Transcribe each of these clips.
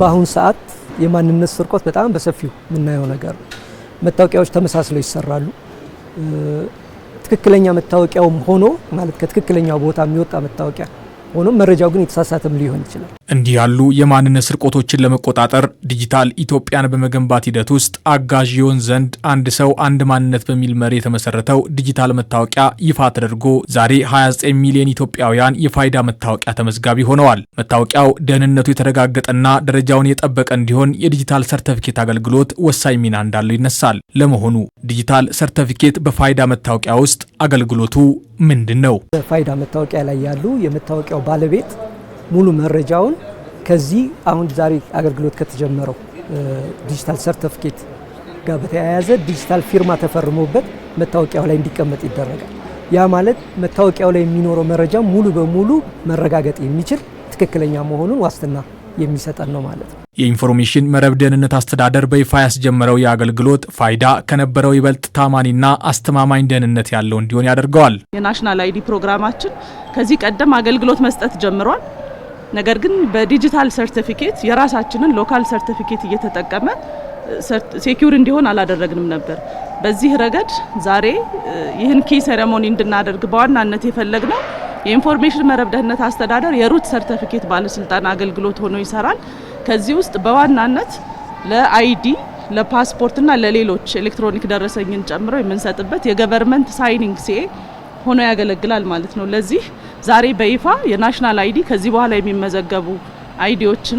በአሁን ሰዓት የማንነት ስርቆት በጣም በሰፊው የምናየው ነገር ነው። መታወቂያዎች ተመሳስለው ይሰራሉ። ትክክለኛ መታወቂያውም ሆኖ ማለት ከትክክለኛው ቦታ የሚወጣ መታወቂያ ሆኖም መረጃው ግን የተሳሳተም ሊሆን ይችላል። እንዲህ ያሉ የማንነት ስርቆቶችን ለመቆጣጠር ዲጂታል ኢትዮጵያን በመገንባት ሂደት ውስጥ አጋዥ ይሆን ዘንድ አንድ ሰው አንድ ማንነት በሚል መሪ የተመሰረተው ዲጂታል መታወቂያ ይፋ ተደርጎ ዛሬ 29 ሚሊዮን ኢትዮጵያውያን የፋይዳ መታወቂያ ተመዝጋቢ ሆነዋል። መታወቂያው ደህንነቱ የተረጋገጠና ደረጃውን የጠበቀ እንዲሆን የዲጂታል ሰርተፊኬት አገልግሎት ወሳኝ ሚና እንዳለው ይነሳል። ለመሆኑ ዲጂታል ሰርተፊኬት በፋይዳ መታወቂያ ውስጥ አገልግሎቱ ምንድን ነው? በፋይዳ መታወቂያ ላይ ያሉ የመታወቂያው ባለቤት ሙሉ መረጃውን ከዚህ አሁን ዛሬ አገልግሎት ከተጀመረው ዲጂታል ሰርተፍኬት ጋር በተያያዘ ዲጂታል ፊርማ ተፈርሞበት መታወቂያው ላይ እንዲቀመጥ ይደረጋል። ያ ማለት መታወቂያው ላይ የሚኖረው መረጃ ሙሉ በሙሉ መረጋገጥ የሚችል ትክክለኛ መሆኑን ዋስትና የሚሰጠን ነው ማለት ነው። የኢንፎርሜሽን መረብ ደህንነት አስተዳደር በይፋ ያስጀመረው የአገልግሎት ፋይዳ ከነበረው ይበልጥ ታማኒና አስተማማኝ ደህንነት ያለው እንዲሆን ያደርገዋል። የናሽናል አይዲ ፕሮግራማችን ከዚህ ቀደም አገልግሎት መስጠት ጀምሯል። ነገር ግን በዲጂታል ሰርቲፊኬት የራሳችንን ሎካል ሰርቲፊኬት እየተጠቀመ ሴኪውር እንዲሆን አላደረግንም ነበር። በዚህ ረገድ ዛሬ ይህን ኪ ሴሬሞኒ እንድናደርግ በዋናነት የፈለግነው የኢንፎርሜሽን መረብ ደህንነት አስተዳደር የሩት ሰርተፊኬት ባለስልጣን አገልግሎት ሆኖ ይሰራል። ከዚህ ውስጥ በዋናነት ለአይዲ ለፓስፖርትና ለሌሎች ኤሌክትሮኒክ ደረሰኝን ጨምሮ የምንሰጥበት የገቨርንመንት ሳይኒንግ ሲኤ ሆኖ ያገለግላል ማለት ነው። ለዚህ ዛሬ በይፋ የናሽናል አይዲ ከዚህ በኋላ የሚመዘገቡ አይዲዎችን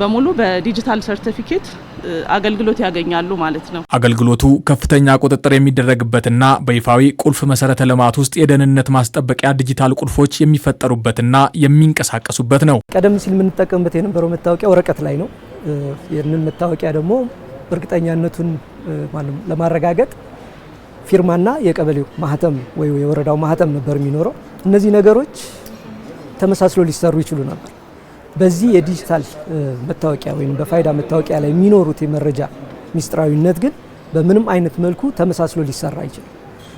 በሙሉ በዲጂታል ሰርቲፊኬት አገልግሎት ያገኛሉ ማለት ነው። አገልግሎቱ ከፍተኛ ቁጥጥር የሚደረግበትና በይፋዊ ቁልፍ መሰረተ ልማት ውስጥ የደህንነት ማስጠበቂያ ዲጂታል ቁልፎች የሚፈጠሩበትና የሚንቀሳቀሱበት ነው። ቀደም ሲል የምንጠቀምበት የነበረው መታወቂያ ወረቀት ላይ ነው። ይህንን መታወቂያ ደግሞ እርግጠኛነቱን ለማረጋገጥ ፊርማና የቀበሌው ማህተም ወይ የወረዳው ማህተም ነበር የሚኖረው። እነዚህ ነገሮች ተመሳስሎ ሊሰሩ ይችሉ ነበር። በዚህ የዲጂታል መታወቂያ ወይም በፋይዳ መታወቂያ ላይ የሚኖሩት የመረጃ ሚስጥራዊነት ግን በምንም አይነት መልኩ ተመሳስሎ ሊሰራ አይችልም።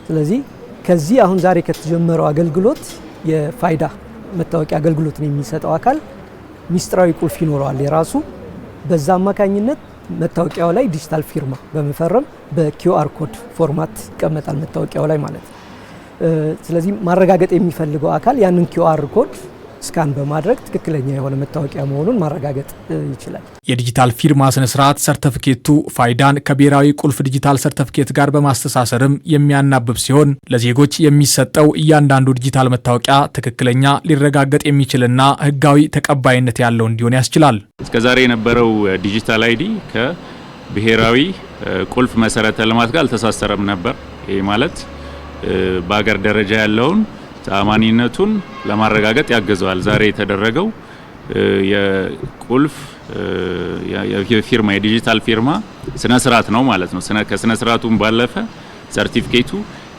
ስለዚህ ከዚህ አሁን ዛሬ ከተጀመረው አገልግሎት የፋይዳ መታወቂያ አገልግሎትን የሚሰጠው አካል ሚስጥራዊ ቁልፍ ይኖረዋል የራሱ። በዛ አማካኝነት መታወቂያው ላይ ዲጂታል ፊርማ በመፈረም በኪውአር ኮድ ፎርማት ይቀመጣል መታወቂያው ላይ ማለት ነው። ስለዚህ ማረጋገጥ የሚፈልገው አካል ያንን ኪውአር ኮድ ስካን በማድረግ ትክክለኛ የሆነ መታወቂያ መሆኑን ማረጋገጥ ይችላል። የዲጂታል ፊርማ ስነስርዓት ሰርተፍኬቱ ፋይዳን ከብሔራዊ ቁልፍ ዲጂታል ሰርተፍኬት ጋር በማስተሳሰርም የሚያናብብ ሲሆን ለዜጎች የሚሰጠው እያንዳንዱ ዲጂታል መታወቂያ ትክክለኛ፣ ሊረጋገጥ የሚችልና ህጋዊ ተቀባይነት ያለው እንዲሆን ያስችላል። እስከዛሬ የነበረው ዲጂታል አይዲ ከብሔራዊ ቁልፍ መሰረተ ልማት ጋር አልተሳሰረም ነበር። ይህ ማለት በሀገር ደረጃ ያለውን ተአማኒነቱን ለማረጋገጥ ያግዘዋል። ዛሬ የተደረገው የቁልፍ የፊርማ የዲጂታል ፊርማ ስነ ስርዓት ነው ማለት ነው። ከስነ ስርዓቱም ባለፈ ሰርቲፊኬቱ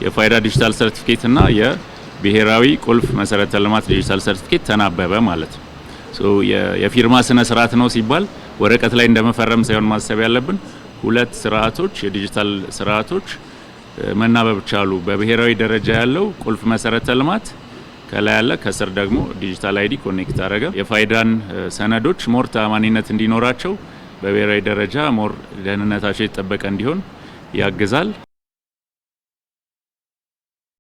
የፋይዳ ዲጂታል ሰርቲፊኬት እና የብሔራዊ ቁልፍ መሰረተ ልማት ዲጂታል ሰርቲፊኬት ተናበበ ማለት ነው። የፊርማ ስነ ስርዓት ነው ሲባል ወረቀት ላይ እንደመፈረም ሳይሆን ማሰብ ያለብን ሁለት ስርዓቶች የዲጂታል ስርዓቶች መናበብ ቻሉ። በብሔራዊ ደረጃ ያለው ቁልፍ መሰረተ ልማት ከላይ ያለ፣ ከስር ደግሞ ዲጂታል አይዲ ኮኔክት አረገ የፋይዳን ሰነዶች ሞር ተአማኒነት እንዲኖራቸው በብሔራዊ ደረጃ ሞር ደህንነታቸው የተጠበቀ እንዲሆን ያግዛል።